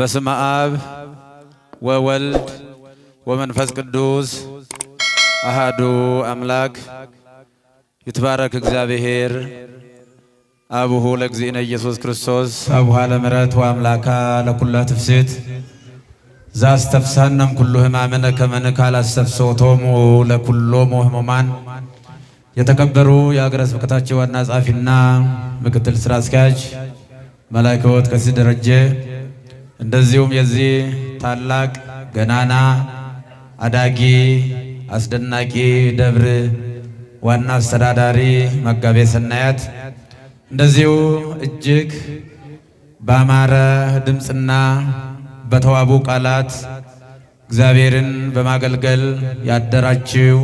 በስመ አብ ወወልድ ወመንፈስ ቅዱስ አሃዱ አምላክ ይትባረክ እግዚአብሔር አቡሁ ለእግዚእነ ኢየሱስ ክርስቶስ አቡሃ ለምሕረት ወአምላካ ለኩላ ትፍስሕት ዛስተፍሳነም ኩሉ ሕማምነ ከመ ንካል ለኩሎሙ ሕሙማን የተከበሩ የሀገረ ስብከታችን ዋና ጸሐፊና ምክትል ስራ አስኪያጅ መላከወት ቀሲስ ደረጀ እንደዚሁም የዚህ ታላቅ ገናና አዳጊ አስደናቂ ደብር ዋና አስተዳዳሪ መጋቤ ሰናያት እንደዚሁ እጅግ በአማረ ድምፅና በተዋቡ ቃላት እግዚአብሔርን በማገልገል ያደራችው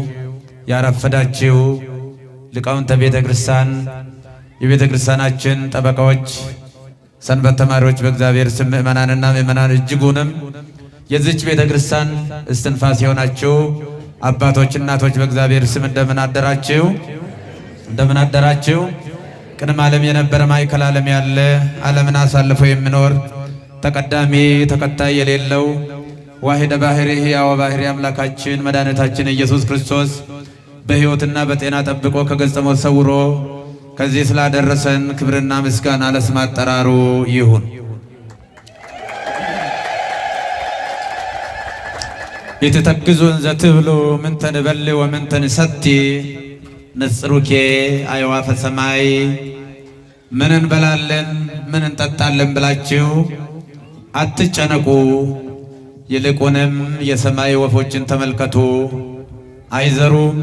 ያረፈዳችው ሊቃውንተ ቤተ ክርስቲያን የቤተ ክርስቲያናችን ጠበቃዎች ሰንበት ተማሪዎች በእግዚአብሔር ስም ምእመናንና ምእመናን እጅጉንም የዚች ቤተ ክርስቲያን እስትንፋስ የሆናችሁ አባቶች፣ እናቶች በእግዚአብሔር ስም እንደምን አደራችሁ? እንደምን አደራችሁ? ቅድመ ዓለም የነበረ ማዕከል ዓለም ያለ ዓለምን አሳልፎ የሚኖር ተቀዳሚ ተከታይ የሌለው ዋሂደ ባህሪ ሕያው ባህሪ አምላካችን መድኃኒታችን ኢየሱስ ክርስቶስ በሕይወትና በጤና ጠብቆ ከገጸ ሞት ሰውሮ ከዚህ ስላደረሰን ክብርና ምስጋና ለስም አጠራሩ ይሁን። የተተግዙን ዘትብሉ ምንተን ንበል ወምንተ ሰቲ ንጽሩኬ አይዋፈ ሰማይ ምን እንበላለን ምን እንጠጣለን ብላችሁ አትጨነቁ። ይልቁንም የሰማይ ወፎችን ተመልከቱ። አይዘሩም፣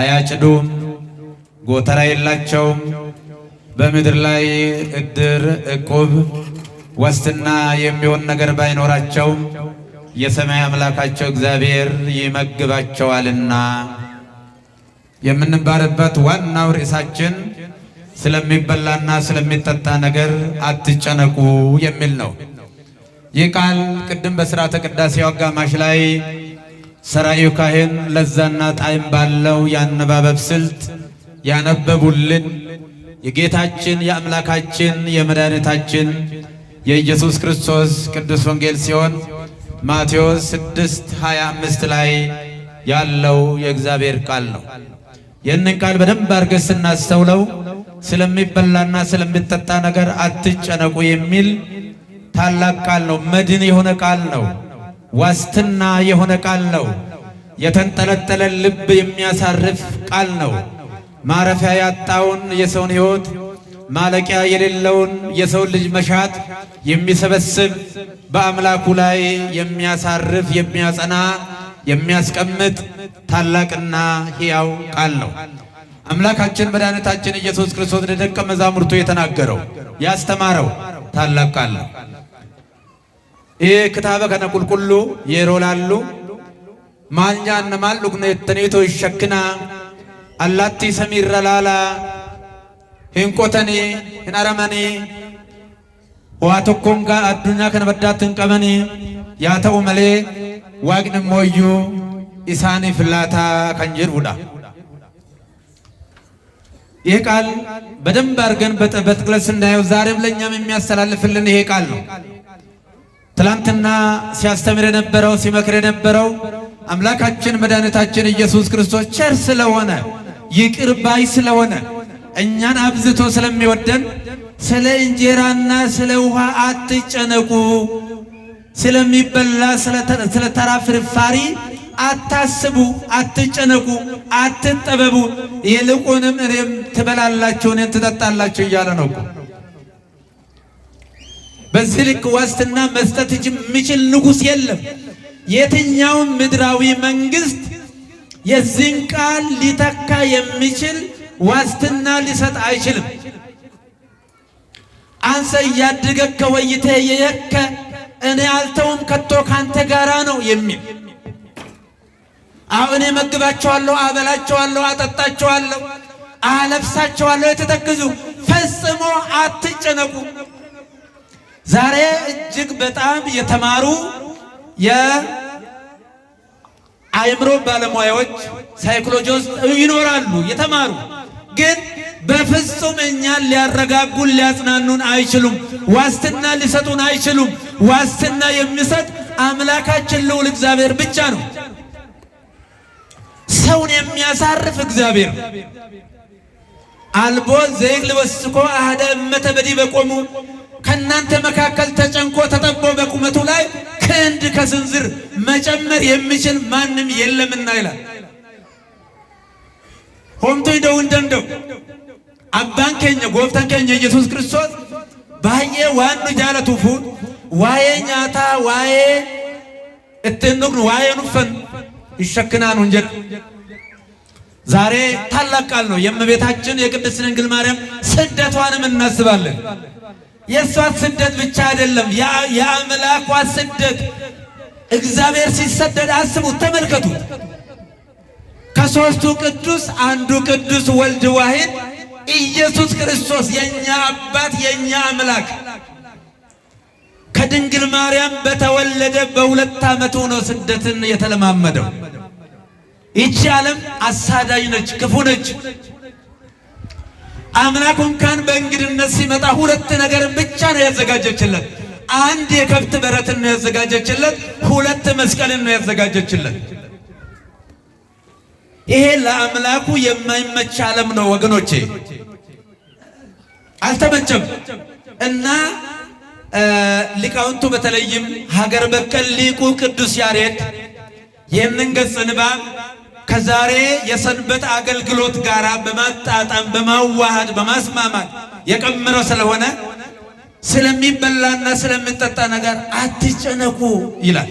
አያጭዱም ጎተራ የላቸውም። በምድር ላይ እድር፣ እቁብ፣ ዋስትና የሚሆን ነገር ባይኖራቸው የሰማይ አምላካቸው እግዚአብሔር ይመግባቸዋልና የምንባርበት ዋናው ርዕሳችን ስለሚበላና ስለሚጠጣ ነገር አትጨነቁ የሚል ነው። ይህ ቃል ቅድም በሥርዓተ ቅዳሴው አጋማሽ ላይ ሰራዩ ካህን ለዛና ጣዕም ባለው የአነባበብ ስልት ያነበቡልን የጌታችን የአምላካችን የመድኃኒታችን የኢየሱስ ክርስቶስ ቅዱስ ወንጌል ሲሆን ማቴዎስ 6 25 ላይ ያለው የእግዚአብሔር ቃል ነው። ይህንን ቃል በደንብ አድርገን ስናስተውለው ስለሚበላና ስለሚጠጣ ነገር አትጨነቁ የሚል ታላቅ ቃል ነው። መድን የሆነ ቃል ነው። ዋስትና የሆነ ቃል ነው። የተንጠለጠለ ልብ የሚያሳርፍ ቃል ነው። ማረፊያ ያጣውን የሰውን ሕይወት ማለቂያ የሌለውን የሰውን ልጅ መሻት የሚሰበስብ በአምላኩ ላይ የሚያሳርፍ የሚያጸና የሚያስቀምጥ ታላቅና ሕያው ቃል ነው። አምላካችን መድኃኒታችን ኢየሱስ ክርስቶስ ለደቀ መዛሙርቱ የተናገረው ያስተማረው ታላቅ ቃል ነው። ይህ ክታበ ከነቁልቁሉ የሮላሉ ማልኛን ማልዱግነ የተኔቶ ይሸክና allattii samiirra laalaa hin qotanii hin aramanii waa tokkoon gaa addunyaa kana baddaatti hin qabanii yaa ta'u malee waaqni immoo isaaniif laataa kan jedhudha ይህ ቃል በደንብ አድርገን በጥቅለት ስናየው ዛሬም ለእኛም የሚያስተላልፍልን ይሄ ቃል ነው። ትላንትና ሲያስተምር የነበረው ሲመክር የነበረው አምላካችን መድኃኒታችን ኢየሱስ ክርስቶስ ቸር ስለሆነ ይቅር ባይ ስለሆነ እኛን አብዝቶ ስለሚወደን ስለ እንጀራና ስለ ውሃ አትጨነቁ፣ ስለሚበላ ስለ ተራ ፍርፋሪ አታስቡ፣ አትጨነቁ፣ አትጠበቡ። ይልቁንም እኔም ትበላላችሁ፣ እኔም ትጠጣላችሁ እያለ ነው። በዚህ ልክ ዋስትና መስጠት የሚችል ንጉሥ የለም። የትኛውም ምድራዊ መንግስት? የዚህን ቃል ሊተካ የሚችል ዋስትና ሊሰጥ አይችልም። አንሰ እያድገከ ከወይተ የየከ እኔ አልተውም ከቶ ካንተ ጋራ ነው የሚል አሁን እኔ መግባቸዋለሁ፣ አበላቸዋለሁ፣ አጠጣቸዋለሁ፣ አለብሳቸዋለሁ። የተተክዙ ፈጽሞ አትጨነቁ። ዛሬ እጅግ በጣም የተማሩ አእምሮ ባለሙያዎች ሳይኮሎጂ ይኖራሉ የተማሩ ግን በፍጹም እኛን ሊያረጋጉን ሊያጽናኑን አይችሉም። ዋስትና ሊሰጡን አይችሉም። ዋስትና የሚሰጥ አምላካችን ልዑል እግዚአብሔር ብቻ ነው። ሰውን የሚያሳርፍ እግዚአብሔር አልቦ ዘይግ ወስኮ አህደ እመተ በዲበ ቆሙ ከእናንተ መካከል ተጨንቆ ተጠቦ በቁመቱ ላይ ከቀንድ ከስንዝር መጨመር የሚችል ማንም የለምና ይላል። ሆምቶ ይደው እንደንደው አባን ከኘ ጎፍታን ከኘ ኢየሱስ ክርስቶስ ባየ ዋኑ ጃለቱ ፉን ዋየ ኛታ ዋየ እትንዱቅን ዋየ ኑፈን ይሸክናኑ እንጀል ዛሬ ታላቅ ቃል ነው። የእመቤታችን የቅድስት ድንግል ማርያም ስደቷንም እናስባለን። የእሷን ስደት ብቻ አይደለም፣ የአምላኳ ስደት። እግዚአብሔር ሲሰደድ አስቡት፣ ተመልከቱት። ከሦስቱ ቅዱስ አንዱ ቅዱስ ወልድ ዋሂድ ኢየሱስ ክርስቶስ የእኛ አባት የእኛ አምላክ ከድንግል ማርያም በተወለደ በሁለት ዓመቱ ነው ስደትን የተለማመደው። ይቺ ዓለም አሳዳጅ ነች፣ ክፉ ነች። አምላኩ እንኳን በእንግድነት ሲመጣ ሁለት ነገርን ብቻ ነው ያዘጋጀችለት። አንድ የከብት በረትን ነው ያዘጋጀችለት። ሁለት መስቀልን ነው ያዘጋጀችለት። ይሄ ለአምላኩ የማይመች ዓለም ነው ወገኖቼ፣ አልተመቸም እና ሊቃውንቱ በተለይም ሀገር በቀል ሊቁ ቅዱስ ያሬድ ይህንን ገጽ ንባብ ከዛሬ የሰንበት አገልግሎት ጋር በማጣጣም በማዋሃድ በማስማማት የቀምረው ስለሆነ ስለሚበላና ስለሚጠጣ ነገር አትጨነቁ ይላል።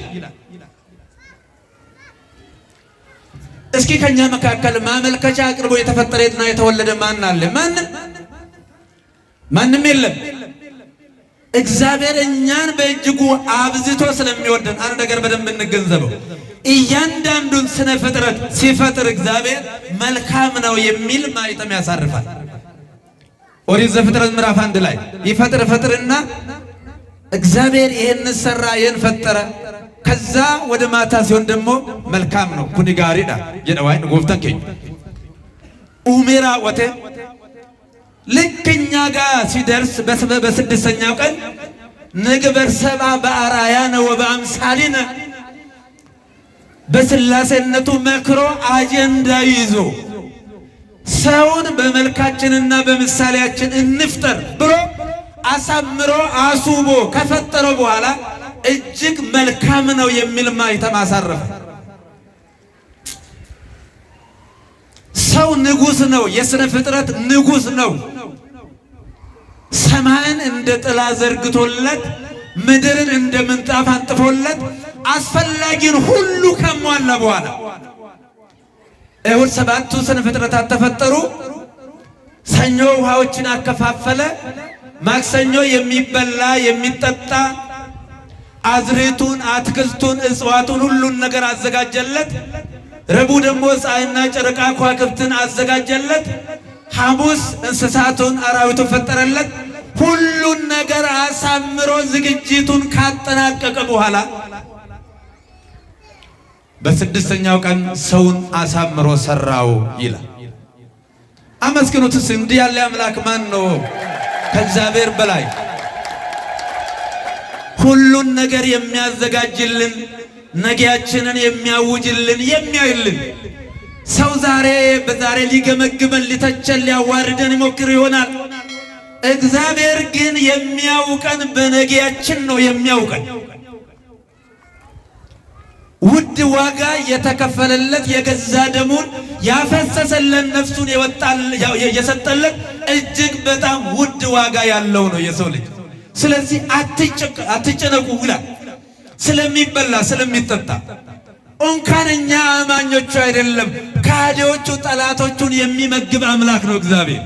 እስኪ ከኛ መካከል ማመልከቻ አቅርቦ የተፈጠረ የትና የተወለደ ማን አለ? ማንም ማንም የለም። እግዚአብሔር እኛን በእጅጉ አብዝቶ ስለሚወደን አንድ ነገር በደንብ እንገንዘበው። እያንዳንዱን ስነ ፍጥረት ሲፈጥር እግዚአብሔር መልካም ነው የሚል ማይጠም ያሳርፋል። ኦሪት ዘፍጥረት ምዕራፍ አንድ ላይ ይፈጥር ፈጥርና እግዚአብሔር ይህን ሰራ ይህን ፈጠረ። ከዛ ወደ ማታ ሲሆን ደግሞ መልካም ነው ኩኒጋሪዳ ጋሪዳ የነዋይ ንጎፍተን ኬኝ ኡሜራ ወቴ ልክ እኛ ጋር ሲደርስ በስድስተኛው ቀን ንግበር ሰባ በአርአያነ ወበአምሳሊነ በስላሴነቱ መክሮ አጀንዳ ይዞ ሰውን በመልካችንና በምሳሌያችን እንፍጠር ብሎ አሳምሮ አስውቦ ከፈጠረው በኋላ እጅግ መልካም ነው የሚል ማኅተም አሳረፈ። ሰው ንጉሥ ነው፣ የሥነ ፍጥረት ንጉሥ ነው። ሰማይን እንደ ጥላ ዘርግቶለት ምድርን እንደ ምንጣፍ አንጥፎለት አስፈላጊን ሁሉ ከሟላ በኋላ እሁድ ሰባቱ ስነ ፍጥረታት ተፈጠሩ። ሰኞ ውሃዎችን አከፋፈለ። ማክሰኞ የሚበላ የሚጠጣ አዝርቱን፣ አትክልቱን፣ እጽዋቱን ሁሉን ነገር አዘጋጀለት። ረቡዕ ደግሞ ፀሐይና ጨረቃ ከዋክብትን አዘጋጀለት። ሐሙስ እንስሳቱን አራዊቱን ፈጠረለት። ሁሉን ነገር አሳምሮ ዝግጅቱን ካጠናቀቀ በኋላ በስድስተኛው ቀን ሰውን አሳምሮ ሰራው ይላል። አመስግኑትስ እንዲህ ያለ አምላክ ማን ነው ከእግዚአብሔር በላይ? ሁሉን ነገር የሚያዘጋጅልን፣ ነገያችንን የሚያውጅልን፣ የሚያይልን ሰው ዛሬ በዛሬ ሊገመግመን ሊተቸን ሊያዋርደን ይሞክር ይሆናል። እግዚአብሔር ግን የሚያውቀን በነገያችን ነው የሚያውቀን። ውድ ዋጋ የተከፈለለት የገዛ ደሙን ያፈሰሰለን ነፍሱን የሰጠለት እጅግ በጣም ውድ ዋጋ ያለው ነው የሰው ልጅ። ስለዚህ አትጨነቁ ይላል ስለሚበላ ስለሚጠጣ እንኳን እኛ አማኞቹ አይደለም ከሃዲዎቹ ጠላቶቹን የሚመግብ አምላክ ነው እግዚአብሔር።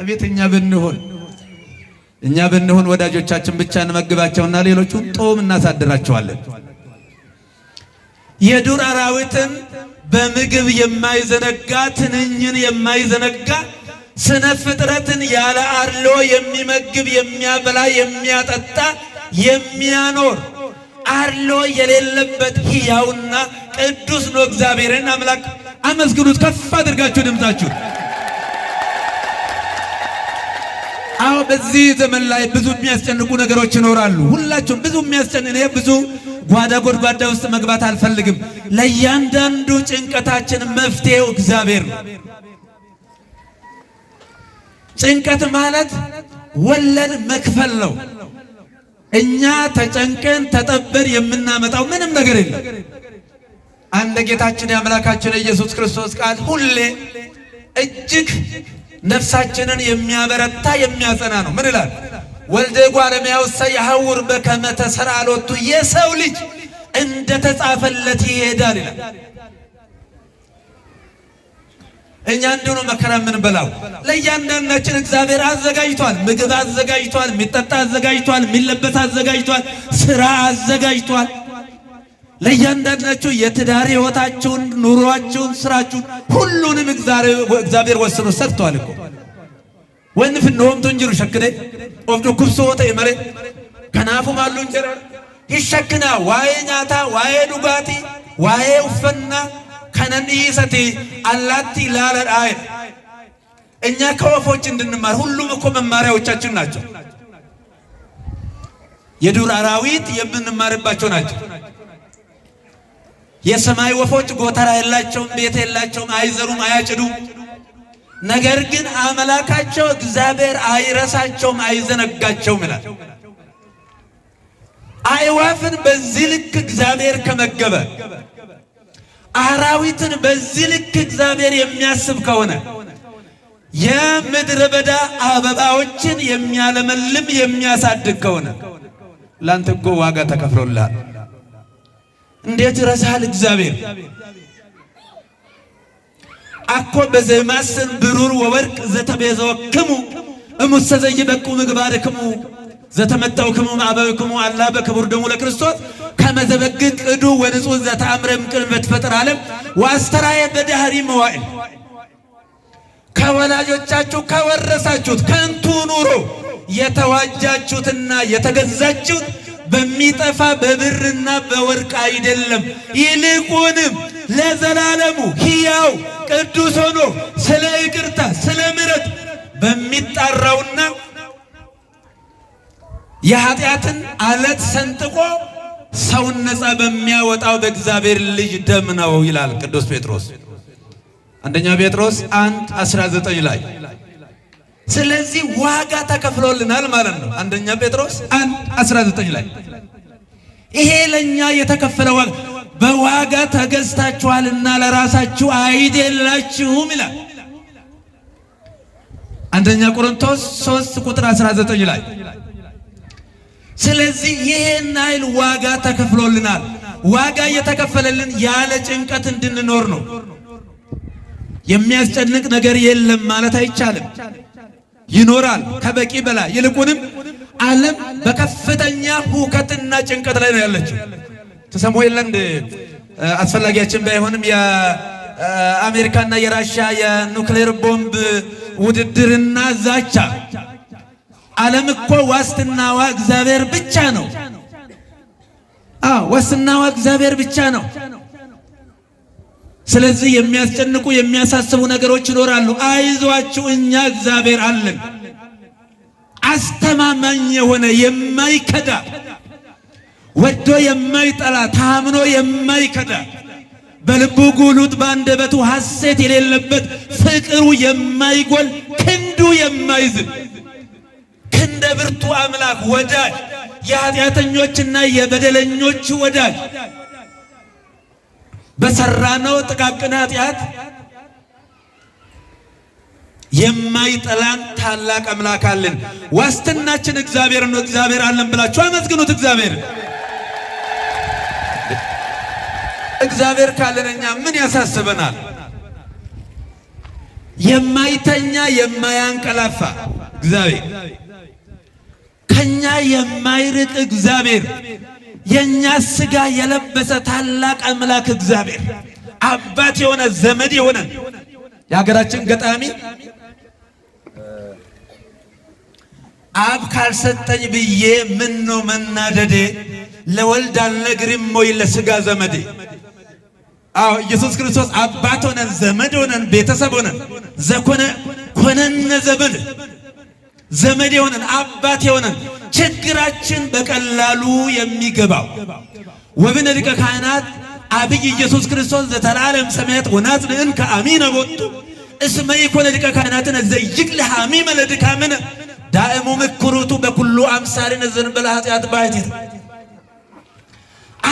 አቤት እኛ ብንሆን እኛ ብንሆን ወዳጆቻችን ብቻ እንመግባቸውና ሌሎቹን ጦም እናሳድራቸዋለን። የዱር አራዊትን በምግብ የማይዘነጋ ትንኝን የማይዘነጋ ስነ ፍጥረትን ያለ አድሎ የሚመግብ የሚያበላ የሚያጠጣ የሚያኖር አድሎ የሌለበት ሕያውና ቅዱስ ነው እግዚአብሔርን አምላክ አመስግኑት፣ ከፍ አድርጋችሁ ድምፃችሁ። አዎ በዚህ ዘመን ላይ ብዙ የሚያስጨንቁ ነገሮች ይኖራሉ። ሁላችሁም ብዙ የሚያስጨንቅ ብዙ ጓዳ ጎድጓዳ ውስጥ መግባት አልፈልግም። ለእያንዳንዱ ጭንቀታችን መፍትሄው እግዚአብሔር ነው። ጭንቀት ማለት ወለድ መክፈል ነው። እኛ ተጨንቀን ተጠበን የምናመጣው ምንም ነገር የለም። አንድ ጌታችን የአምላካችን ኢየሱስ ክርስቶስ ቃል ሁሌ እጅግ ነፍሳችንን የሚያበረታ የሚያጸና ነው። ምን ይላል? ወልደ ጓለሚያውሳ ያሐውር በከመ ተሰራ ሎቱ የሰው ልጅ እንደ ተጻፈለት ይሄዳል ይላል። እኛ እንዲሁ መከራ ምን በላው ለእያንዳንዳችን እግዚአብሔር አዘጋጅቷል። ምግብ አዘጋጅቷል፣ የሚጠጣ አዘጋጅቷል፣ የሚለበስ አዘጋጅቷል፣ ስራ አዘጋጅቷል። ለእያንዳንዳችሁ የትዳር ህይወታችሁን፣ ኑሯችሁን፣ ስራችሁን ሁሉንም እግዚአብሔር ወስኖ ሰጥቷል እኮ ወንፍ እንደሆምቶ እንጅሩ ሸክነ ኦፍዶ ኩብሶ ወተ የመሬ ከናፉ ማሉ እንጀራ ይሸክና ዋዬ ኛታ ዋዬ ዱጋቲ ዋዬ ውፈና ከነን ከነንይሰቲ አላቲ አይ እኛ ከወፎች እንድንማር ሁሉም እኮ መማሪያዎቻችን ናቸው። የዱር አራዊት የምንማርባቸው ናቸው። የሰማይ ወፎች ጎተራ የላቸውም፣ ቤት የላቸውም፣ አይዘሩም፣ አያጭዱም። ነገር ግን አምላካቸው እግዚአብሔር አይረሳቸውም፣ አይዘነጋቸውም ይላል። አይዋፍን በዚህ ልክ እግዚአብሔር ከመገበ አራዊትን በዚህ ልክ እግዚአብሔር የሚያስብ ከሆነ የምድረ በዳ አበባዎችን የሚያለመልም የሚያሳድግ ከሆነ ላንተ እኮ ዋጋ ተከፍሎልሃል። እንዴት ይረሳል እግዚአብሔር? አኮ በዘማስን ብሩር ወወርቅ ዘተቤዘወክሙ እሙሰ ዘይበቁ ምግባርክሙ ዘተመጣውክሙ ማዕበብክሙ አላ በክቡር ደሙ ለክርስቶስ ከመዘበግ ቅዱ ወንጹሕ ዘተአምረ እምቅድመ በትፈጥር ዓለም ዋስተራየ በዳህሪ መዋዕል ከወላጆቻችሁ ከወረሳችሁት ከንቱ ኑሮ የተዋጃችሁትና የተገዛችሁት በሚጠፋ በብርና በወርቅ አይደለም፣ ይልቁንም ለዘላለሙ ሕያው ቅዱስ ሆኖ ስለ ይቅርታ ስለ ምሕረት በሚጣራውና የኃጢአትን አለት ሰንጥቆ ሰውን ነፃ በሚያወጣው በእግዚአብሔር ልጅ ደም ነው ይላል ቅዱስ ጴጥሮስ አንደኛ ጴጥሮስ አንድ 19 ላይ ስለዚህ ዋጋ ተከፍሎልናል ማለት ነው። አንደኛ ጴጥሮስ 1:19 ላይ ይሄ ለኛ የተከፈለ ዋጋ በዋጋ ተገዝታችኋልና ለራሳችሁ አይደላችሁም ይላል። አንደኛ ቆሮንቶስ 3 ቁጥር 19 ላይ ስለዚህ ይሄን አይል ዋጋ ተከፍሎልናል። ዋጋ እየተከፈለልን ያለ ጭንቀት እንድንኖር ነው። የሚያስጨንቅ ነገር የለም ማለት አይቻልም። ይኖራል ከበቂ በላይ ይልቁንም ዓለም በከፍተኛ ሁከትና ጭንቀት ላይ ነው ያለችው። ተሰሞ የለን አስፈላጊያችን ባይሆንም የአሜሪካና የራሻ የኑክሌር ቦምብ ውድድርና ዛቻ ዓለም እኮ ዋስትናዋ እግዚአብሔር ብቻ ነው። ዋስትናዋ እግዚአብሔር ብቻ ነው። ስለዚህ የሚያስጨንቁ የሚያሳስቡ ነገሮች ይኖራሉ። አይዟችሁ፣ እኛ እግዚአብሔር አለን። አስተማማኝ የሆነ የማይከዳ ወዶ የማይጠላ ታምኖ የማይከዳ በልቡ ጉሉት በአንደበቱ ሐሴት የሌለበት ፍቅሩ የማይጎል ክንዱ የማይዝል ክንደ ብርቱ አምላክ ወዳጅ የኃጢአተኞችና የበደለኞች ወዳጅ በሰራነው ጥቃቅን ኃጢአት የማይጠላን ታላቅ አምላክ አለን። ዋስትናችን እግዚአብሔር ነው። እግዚአብሔር አለን ብላችሁ አመስግኑት። እግዚአብሔር እግዚአብሔር ካለን እኛ ምን ያሳስበናል? የማይተኛ የማያንቀላፋ እግዚአብሔር ከኛ የማይርቅ እግዚአብሔር የእኛ ስጋ የለበሰ ታላቅ አምላክ እግዚአብሔር አባት የሆነ ዘመድ የሆነ የሀገራችን ገጣሚ አብ ካልሰጠኝ ብዬ ምን ነው መናደዴ፣ ለወልድ አልነግርም ወይ ለስጋ ዘመዴ። አዎ ኢየሱስ ክርስቶስ አባት ሆነን ዘመድ ሆነን ቤተሰብ ሆነን ዘኮነ ኮነነ ዘመድ ዘመድ የሆነን አባት የሆነን ችግራችን በቀላሉ የሚገባው ወብነ ሊቀ ካህናት አብይ ኢየሱስ ክርስቶስ ዘተላለም ሰማያት ወናጽልእን ከአሚነ ቦቱ እስመ ኢኮነ ሊቀ ካህናትን ዘይግል ሐሚመ ለድካምነ ዳእሙ ምክሩቱ በኩሉ አምሳልን ዘንበለ ኃጢአት ባሕቲት።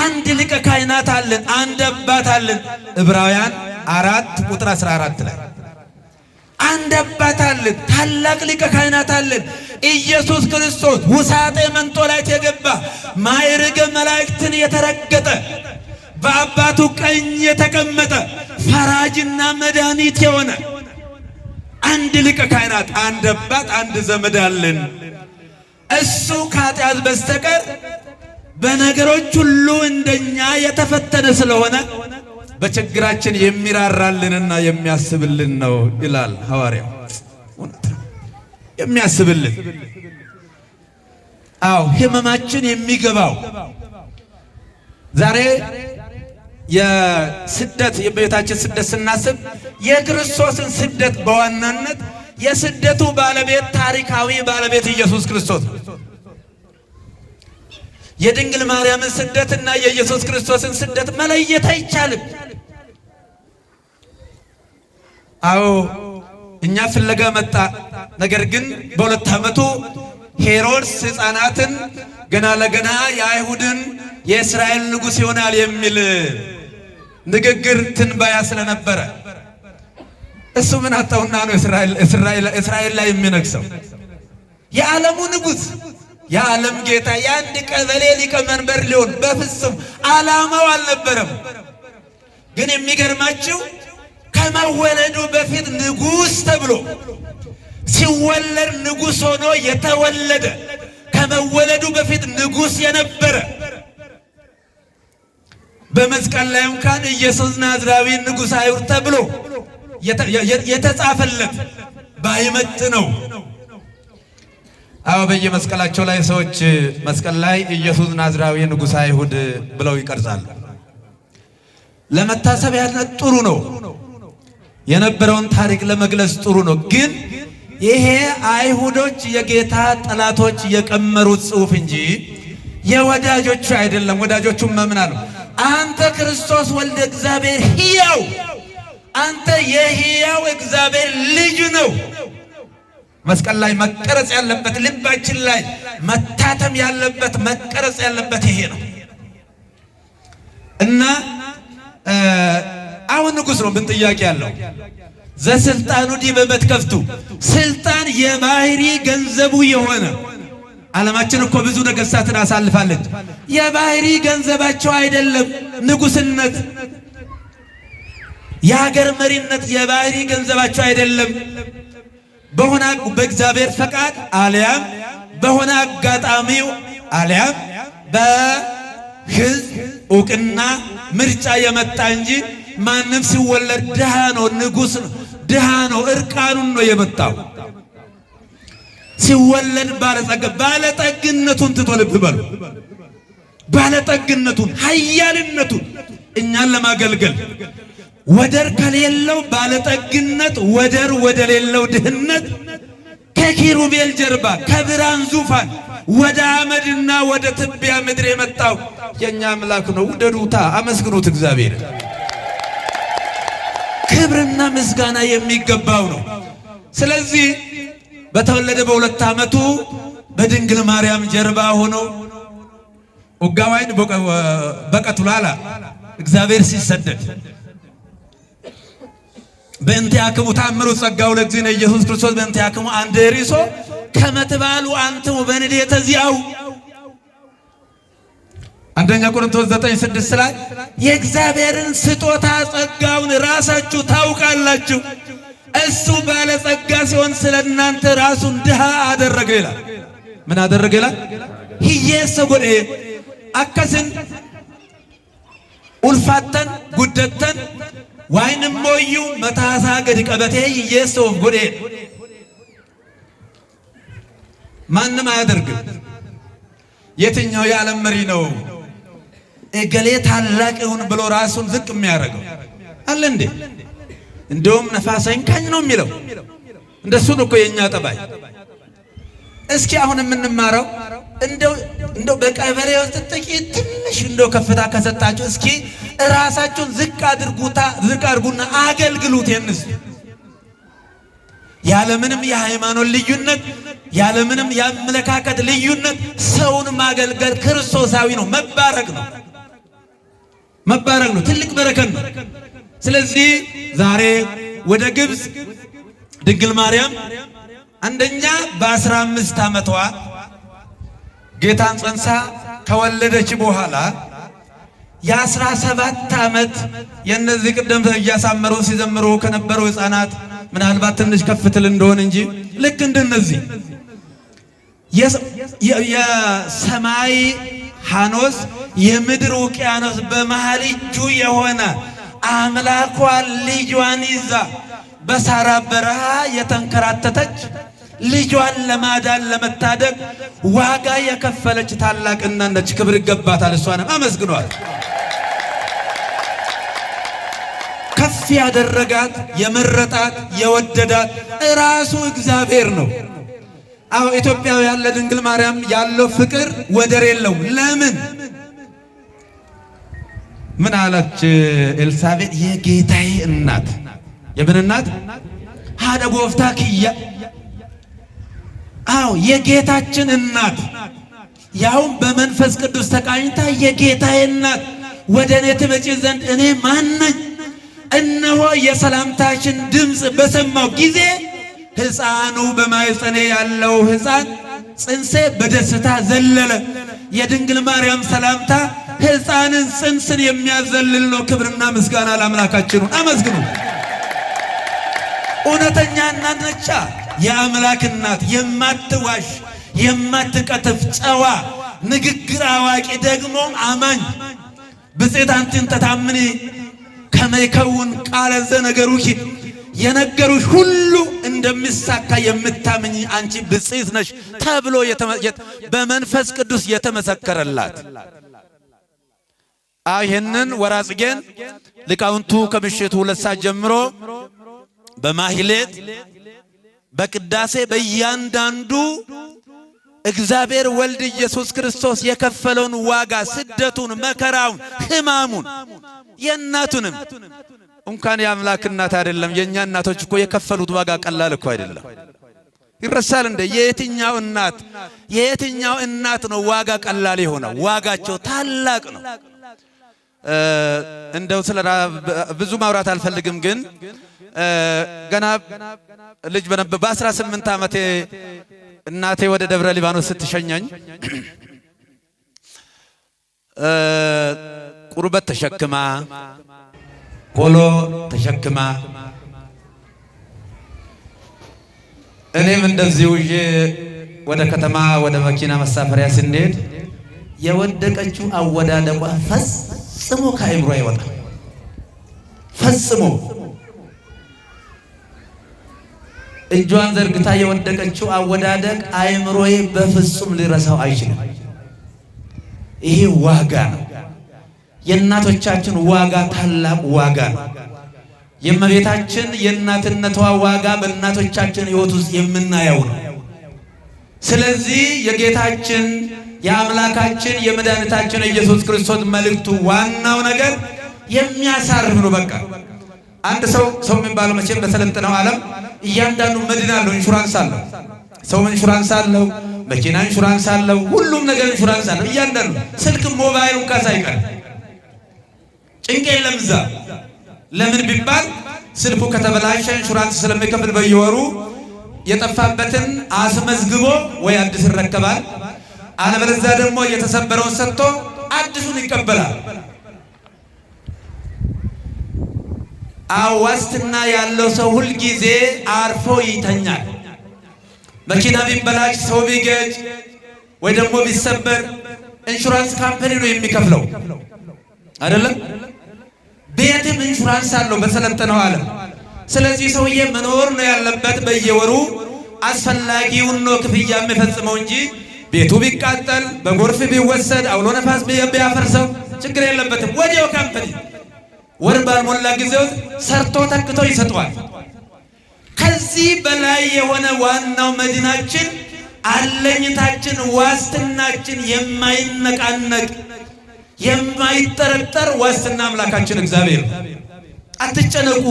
አንድ ሊቀ ካህናት አለን፣ አንድ አባት አለን። ዕብራውያን አራት ቁጥር 14 ላይ አንድ አባት አለን፣ ታላቅ ሊቀ ካህናት አለን። ኢየሱስ ክርስቶስ ውሳጤ መንጦላዕት የገባ ማይርገ መላእክትን የተረገጠ በአባቱ ቀኝ የተቀመጠ ፈራጅና መድኃኒት የሆነ አንድ ሊቀ ካህናት፣ አንድ አባት፣ አንድ ዘመድ አለን። እሱ ከኃጢአት በስተቀር በነገሮች ሁሉ እንደኛ የተፈተነ ስለሆነ በችግራችን የሚራራልንና የሚያስብልን ነው ይላል ሐዋርያው። የሚያስብልን አዎ፣ ህመማችን የሚገባው ዛሬ የስደት የቤታችን ስደት ስናስብ የክርስቶስን ስደት በዋናነት የስደቱ ባለቤት ታሪካዊ ባለቤት ኢየሱስ ክርስቶስ ነው። የድንግል ማርያምን ስደትና የኢየሱስ ክርስቶስን ስደት መለየት አይቻልም። አዎ እኛ ፍለጋ መጣ። ነገር ግን በሁለት ዓመቱ ሄሮድስ ሕፃናትን ገና ለገና የአይሁድን የእስራኤል ንጉሥ ይሆናል የሚል ንግግር ትንባያ ስለነበረ እሱ ምን አጣውና ነው እስራኤል ላይ የሚነግሰው የዓለሙ ንጉሥ የዓለም ጌታ የአንድ ቀበሌ ሊቀመንበር ሊሆን በፍጹም ዓላማው አልነበረም። ግን የሚገርማችሁ ከመወለዱ በፊት ንጉሥ ተብሎ ሲወለድ ንጉሥ ሆኖ የተወለደ ከመወለዱ በፊት ንጉሥ የነበረ በመስቀል ላይ እንኳን ኢየሱስ ናዝራዊ ንጉሥ አይሁድ ተብሎ የተጻፈለት ባይመጥ ነው። አዎ በየመስቀላቸው ላይ ሰዎች መስቀል ላይ ኢየሱስ ናዝራዊ ንጉሥ አይሁድ ብለው ይቀርጻሉ። ለመታሰብ ያለ ጥሩ ነው። የነበረውን ታሪክ ለመግለጽ ጥሩ ነው። ግን ይሄ አይሁዶች የጌታ ጠላቶች የቀመሩት ጽሑፍ እንጂ የወዳጆቹ አይደለም። ወዳጆቹ መምና አንተ ክርስቶስ ወልደ እግዚአብሔር ሕያው አንተ የሕያው እግዚአብሔር ልጅ ነው። መስቀል ላይ መቀረጽ ያለበት ልባችን ላይ መታተም ያለበት መቀረጽ ያለበት ይሄ ነው እና አሁን ንጉስ ነው። ምን ጥያቄ አለው? ዘስልጣኑ ዲበ መትከፍቱ ስልጣን የባህሪ ገንዘቡ የሆነ ዓለማችን እኮ ብዙ ነገሥታትን አሳልፋለች። የባህሪ ገንዘባቸው አይደለም ንጉስነት የሀገር መሪነት የባህሪ ገንዘባቸው አይደለም። በሆነ በእግዚአብሔር ፈቃድ አልያም በሆነ አጋጣሚው አሊያም በሕዝብ እውቅና ምርጫ የመጣ እንጂ ማንም ሲወለድ ድሃ ነው፣ ንጉሥ ነው፣ ድሃ ነው፣ እርቃኑን ነው የመጣው። ሲወለድ ባለጸጋ ባለጠግነቱን ትቶ ልብ በሉ ባለጠግነቱን ኃያልነቱን እኛን ለማገልገል ወደር ከሌለው ባለጠግነት ወደር ወደሌለው ድህነት ከኪሩቤል ጀርባ ከብርሃን ዙፋን ወደ አመድና ወደ ትቢያ ምድር የመጣው የእኛ አምላክ ነው። ውደዱታ፣ አመስግኑት እግዚአብሔር ክብርና ምስጋና የሚገባው ነው። ስለዚህ በተወለደ በሁለት ዓመቱ በድንግል ማርያም ጀርባ ሆኖ ኡጋዋይን በቀቱላላ እግዚአብሔር ሲሰደድ በእንቲ አክሙ ታምሩ ጸጋው ለእግዚእነ ኢየሱስ ክርስቶስ በእንቲአክሙ አንድ ሪሶ ከመትባሉ አንትሙ በንዴ ተዚያው አንደኛ ቆሮንቶስ 9:6 ላይ የእግዚአብሔርን ስጦታ ጸጋውን ራሳችሁ ታውቃላችሁ፣ እሱ ባለጸጋ ሲሆን ስለ እናንተ ራሱን ድሃ አደረገ ይላል። ምን አደረገ ይላል? ሂየሰ ጎዴ አከስን ኡልፋተን ጉደተን ዋይንም ሞዩ መታሳ ገድ ቀበቴ ሂየሰ ወፍ ጎዴ ማንም አያደርግም። የትኛው የዓለም መሪ ነው እገሌ ታላቅ ይሁን ብሎ ራሱን ዝቅ የሚያደርገው አለ እንዴ? እንደውም ነፋስ አይንካኝ ነው የሚለው። እንደሱ እኮ የኛ ጠባይ። እስኪ አሁን የምንማረው እንደው እንደው በቀበሌ ውስጥ ጥቂት ትንሽ እንደው ከፍታ ከሰጣችሁ እስኪ ራሳችሁን ዝቅ አድርጉታ ዝቅ አድርጉና አገልግሉት። የነሱ ያለምንም የሃይማኖት ልዩነት ያለምንም የአመለካከት ልዩነት ሰውን ማገልገል ክርስቶሳዊ ነው፣ መባረክ ነው። መባረክ ነው፣ ትልቅ በረከት ነው። ስለዚህ ዛሬ ወደ ግብፅ ድንግል ማርያም አንደኛ በአስራ አምስት ዓመቷ ጌታን ጸንሳ ከወለደች በኋላ የአስራ ሰባት ዓመት የእነዚህ ቅደም እያሳመሩ ሲዘምሩ ከነበሩ ሕፃናት ምናልባት ትንሽ ከፍትል እንደሆን እንጂ ልክ እንደነዚህ የሰማይ ሐኖስ የምድር ውቅያኖስ በመሃል እጁ የሆነ አምላኳን ልጇን ይዛ በሳራ በረሃ የተንከራተተች ልጇን ለማዳን ለመታደግ ዋጋ የከፈለች ታላቅና ነች። ክብር ይገባታል። እሷንም አመስግኗል። ከፍ ያደረጋት የመረጣት የወደዳት እራሱ እግዚአብሔር ነው። አዎ ኢትዮጵያውያን ለድንግል ማርያም ያለው ፍቅር ወደር የለው ለምን ምን አላች ኤልሳቤጥ? የጌታዬ እናት የምን እናት? ሀደ ጎፍታ ክያ አዎ የጌታችን እናት ያውም በመንፈስ ቅዱስ ተቃኝታ የጌታዬ እናት ወደ እኔ ትመጪ ዘንድ እኔ ማን ነኝ? እነሆ የሰላምታችን ድምፅ በሰማው ጊዜ ሕፃኑ በማይፀኔ ያለው ሕፃን ጽንሴ በደስታ ዘለለ። የድንግል ማርያም ሰላምታ ሕፃንን ጽንስን የሚያዘልል ነው። ክብርና ምስጋና ለአምላካችን ይሁን። አመስግኑ። እውነተኛ እናት ነቻ። የአምላክ እናት የማትዋሽ የማትቀትፍ ጨዋ ንግግር አዋቂ ደግሞ አማኝ ብፅዕት አንቲን ተታምኒ ከመይከውን ቃለዘ ነገሩኪ የነገሩሽ ሁሉ እንደሚሳካ የምታምኝ አንቺ ብፅዕት ነሽ ተብሎ በመንፈስ ቅዱስ የተመሰከረላት። አዎ ይህንን ወራጽጌን ሊቃውንቱ ከምሽቱ ሁለት ሰዓት ጀምሮ በማህሌት በቅዳሴ በእያንዳንዱ እግዚአብሔር ወልድ ኢየሱስ ክርስቶስ የከፈለውን ዋጋ ስደቱን፣ መከራውን፣ ሕማሙን የእናቱንም እንኳን የአምላክ እናት አይደለም የእኛ እናቶች እኮ የከፈሉት ዋጋ ቀላል እኮ አይደለም። ይረሳል እንደ የየትኛው እናት የየትኛው እናት ነው ዋጋ ቀላል የሆነ ዋጋቸው ታላቅ ነው። እንደው ስለ ብዙ ማውራት አልፈልግም፣ ግን ገና ልጅ በነበ በ18 ዓመቴ እናቴ ወደ ደብረ ሊባኖስ ስትሸኘኝ ቁርበት ተሸክማ ቆሎ ተሸክማ እኔም እንደዚህ ውዤ ወደ ከተማ ወደ መኪና መሳፈሪያ ስንሄድ የወደቀችው አወዳደቋ ፈጽሞ ከአይምሮ አይወጣም። ፈጽሞ እጇን ዘርግታ የወደቀችው አወዳደቅ አይምሮዬ በፍጹም ሊረሳው አይችልም። ይሄ ዋጋ ነው። የእናቶቻችን ዋጋ ታላቅ ዋጋ ነው። የእመቤታችን የእናትነቷ ዋጋ በእናቶቻችን ሕይወት ውስጥ የምናየው ነው። ስለዚህ የጌታችን የአምላካችን የመድኃኒታችን ኢየሱስ ክርስቶስ መልእክቱ ዋናው ነገር የሚያሳርፍ ነው። በቃ አንድ ሰው ሰው የሚባለው መቼም በሰለጠነው ዓለም እያንዳንዱ መድን አለው፣ ኢንሹራንስ አለው። ሰው ኢንሹራንስ አለው፣ መኪና ኢንሹራንስ አለው፣ ሁሉም ነገር ኢንሹራንስ አለው። እያንዳንዱ ስልክ፣ ሞባይል እንኳ ሳይቀር ጭንቅ የለም እዛ። ለምን ቢባል ስልኩ ከተበላሸ ኢንሹራንስ ስለሚከፍል በየወሩ የጠፋበትን አስመዝግቦ ወይ አዲስ ይረከባል፣ አለበለዚያ ደግሞ የተሰበረውን ሰጥቶ አዲሱን ይቀበላል። ዋስትና ያለው ሰው ሁልጊዜ አርፎ ይተኛል። መኪና ቢበላሽ፣ ሰው ቢገጭ ወይ ደግሞ ቢሰበር ኢንሹራንስ ካምፓኒ ነው የሚከፍለው አይደለም። ቤትም ኢንሹራንስ አለው በሰለጠነው ዓለም። ስለዚህ ሰውዬ መኖር ነው ያለበት። በየወሩ አስፈላጊውን ነው ክፍያ የሚፈጽመው እንጂ ቤቱ ቢቃጠል፣ በጎርፍ ቢወሰድ፣ አውሎ ነፋስ ቢያፈርሰው ችግር የለበትም። ወዲያው ካምፕኒ ወር ባልሞላ ጊዜ ሰርቶ ተክቶ ይሰጠዋል። ከዚህ በላይ የሆነ ዋናው መዲናችን አለኝታችን ዋስትናችን የማይነቃነቅ የማይጠረጠር ዋስትና አምላካችን እግዚአብሔር። አትጨነቁ፣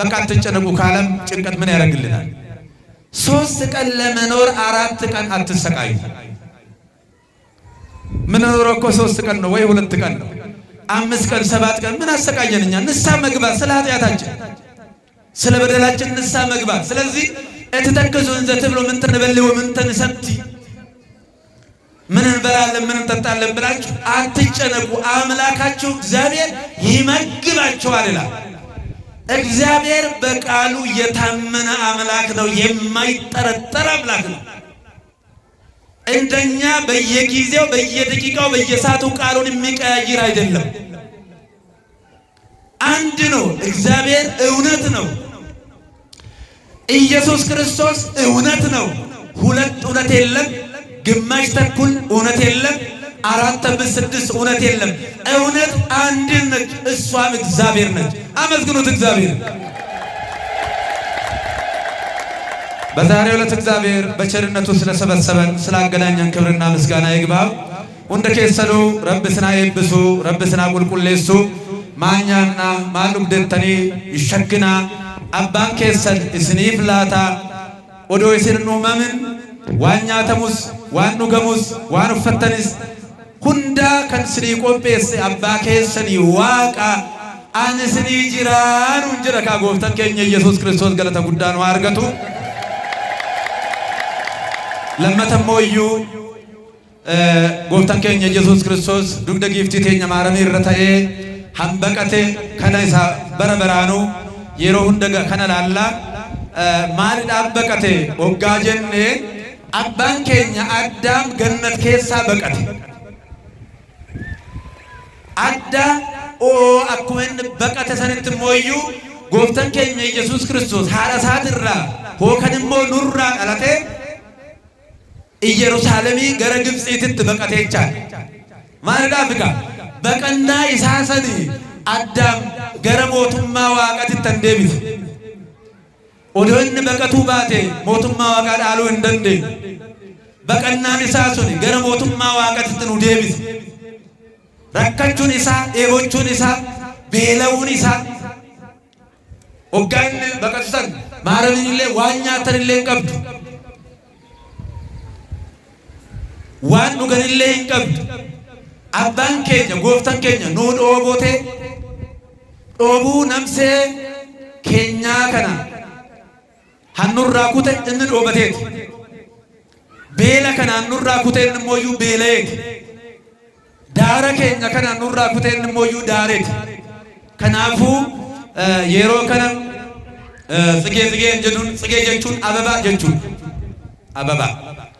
በቃ አትጨነቁ። ከዓለም ጭንቀት ምን ያደርግልናል? ሶስት ቀን ለመኖር አራት ቀን አትሰቃዩ። ምንኖረው እኮ ሶስት ቀን ነው ወይ ሁለት ቀን ነው፣ አምስት ቀን ሰባት ቀን ምን አሰቃየን? እኛ ንሳ መግባት ስለ ኃጢአታችን ስለ በደላችን ንሳ መግባት። ስለዚህ እትተክዙ እንዘ ትብሎ ምንተንበልው ምንተንሰቲ ምን እንበላለን፣ ምን እንጠጣለን ብላችሁ አትጨነቁ፣ አምላካችሁ እግዚአብሔር ይመግባችኋል ይላል። እግዚአብሔር በቃሉ የታመነ አምላክ ነው፣ የማይጠረጠር አምላክ ነው። እንደኛ በየጊዜው በየደቂቃው በየሰዓቱ ቃሉን የሚቀያይር አይደለም። አንድ ነው። እግዚአብሔር እውነት ነው። ኢየሱስ ክርስቶስ እውነት ነው። ሁለት እውነት የለም። ግማሽ ተኩል እውነት የለም፣ አራት አምስት ስድስት እውነት የለም። እውነት አንድ ነች፣ እሷም እግዚአብሔር ነች። አመስግኑት እግዚአብሔር። በዛሬው ዕለት እግዚአብሔር በቸርነቱ ስለሰበሰበን ስላገናኘን ክብርና ምስጋና ይግባብ ሁንደ ኬሰሉ ረብስና የብሱ ረብስና ቁልቁሌሱ ማኛና ማሉም ደንተኒ ይሸክና አባን ኬሰል እስኒ ፍላታ ወደ ወይስን መምን ዋኛ ተሙስ ዋኑ ገሙስ ዋኑ ፈተንስ ሁንዳ ከን ቆጴስ አባ ኬሰኒ ዋቃ አንስኒ ጅራኑን ጅረ ካ ጎፍተን ኢየሱስ ክርስቶስ ገለተ ጉዳኑ አርገቱ ለመተሞዩ ጎፍተን ኬኛ ኢየሱስ ክርስቶስ ዱግደ ጊፍቲ ቴኛ ማረሚ ረተኤ ሀንበቀቴ ከነ በረበራኑ የሮ ሁንደ ከነ ላላ ማል ዳበቀቴ ወጋ አባን ኬኛ አዳም ገነት ኬሳ በቀት አዳ ኦ አኩመን በቀተ ሰንት ሞዩ ጎፍተን ኬኛ ኢየሱስ ክርስቶስ ሀረሳት ራ ሆከንሞ ኑራ ቀለቴ ኢየሩሳሌሚ ገረ ግብፅትት በቀቴቻል ማለዳ ፍቃ በቀና ኢሳሰኒ አዳም ገረ ሞቱማ ዋቀትት እንዴቢት ኦዶን በቀቱ ባቴ ሞቱማ ዋቃ ዳሉ እንደንዴ በቀናን ኢሳሱን ገረሞቱማ ዋቀትትን ዴቢት rakkachuun isaa eegochuun isaa beela'uun isaa hoggaan baqaqsan maaramnillee waan nyaatanillee hin qabdu waan dhuganillee hin qabdu abbaan keenya gooftan keenya nuu dhoobootee dhoobuu namsee keenyaa kana hannurraa kute inni dhoobateeti beela kanaan nurraa kuteen immoo beeleeg daara keenya kanaan nurraa kuteen immoo daareeg kanaafuu yeroo kana tsigee tsigee jedhuun tsigee jechuun ababaa jechuun ababaa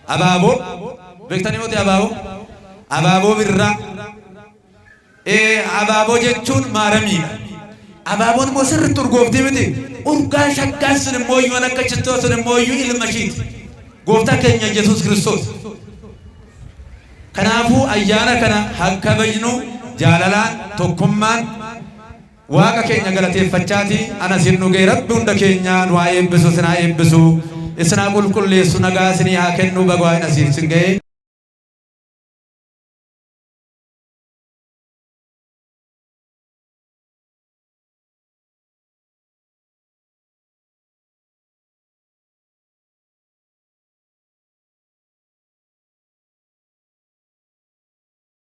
abaaboo beektanii mooti abaaboo abaaboo birraa abaaboo jechuun maaramiidha. Abaaboon immoo sirriitti urgooftii miti urgaa shaggaan sun immoo waan akka cittoo sun immoo ilma ishiiti. gooftaa keenya yesus kiristoos kanaafuu ayyaana kana hakka bajnu jaalalaan tokkummaan waaqa keenya galateeffachaati ana sin dhugee rabbi hunda keenyaan waa eebbisu sinaa eebbisu isinaa qulqulleessu nagaa isinii haa kennu bagwaa hin asiif sin ga'ee